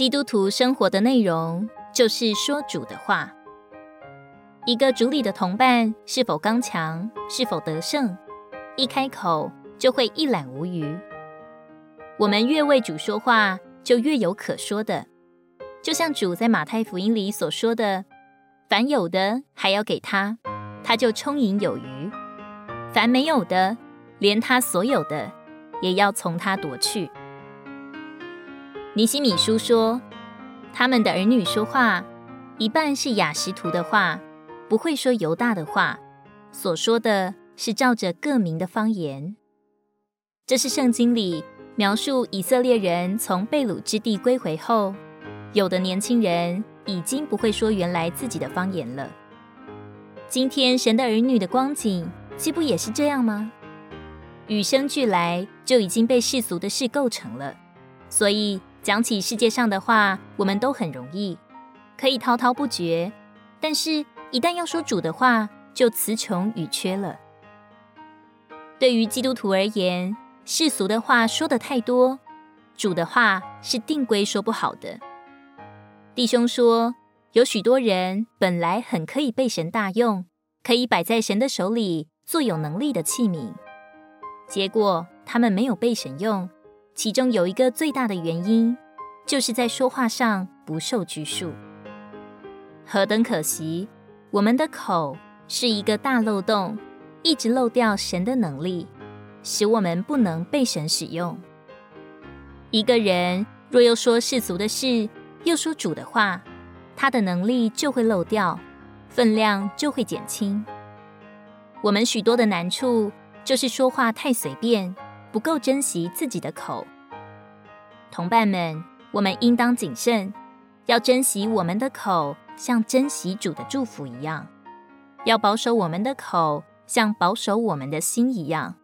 基督徒生活的內容就是說主的話。一個主裡的同伴是否剛強，是否得勝，一開口就會一覽無餘。我們越為主說話，就越有可說的。就像主在馬太福音裡所說的：“凡有的還要給他，他就充盈有餘；凡沒有的，連他所有的也要從他奪去。”尼西米書說，他們的兒女說話，一半是亞實突的話，不會說猶大的話，所說的是照着各民的方言。這是聖經裡描述以色列人從被擄之地歸回後，有的年輕人已經不會說原來自己的方言了。今天神的兒女的光景，豈不也是這樣嗎？與生俱來就已經被世俗的事構成了，所以，講起世界上的話，我們都很容易，可以滔滔不絕；但是，一旦要說主的話，就詞窮語缺了。對於基督徒而言，世俗的話說得太多，主的話是定規說不好的。弟兄說，有許多人本來很可以被神大用，可以擺在神的手裡做有能力的器皿，結果他們沒有被神用。其中有一個最大的原因，就是在說話上不受拘束。何等可惜！我們的口是一個大漏洞，一直漏掉神的能力，使我們不能被神使用。一個人若又說世俗的事，又說主的話，他的能力就會漏掉，分量就會減輕。我們許多的難處，就是說話太隨便。不夠珍惜自己的口。同伴們，我們應當謹慎，要珍惜我們的口，像珍惜主的祝福一樣；要保守我們的口，像保守我們的心一樣。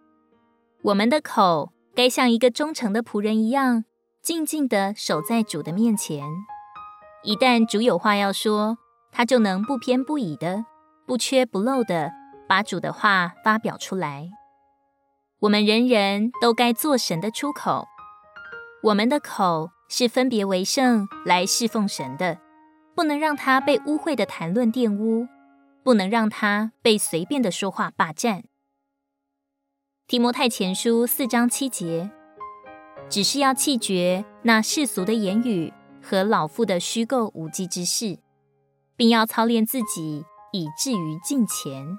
我們的口該像一個忠誠的僕人一樣，靜靜的守在主的面前。一旦主有話要說，他就能不偏不倚的、不缺不漏的把主的話發表出來。我們人人都該做神的出口，我們的口是分別為聖來侍奉神的，不能讓它被污穢的談論玷污，不能讓它被隨便的說話霸佔。提摩太前書四章七節，只是要棄絕那世俗的言語和老婦的虛構無稽之事，並要操練自己，以至於敬虔。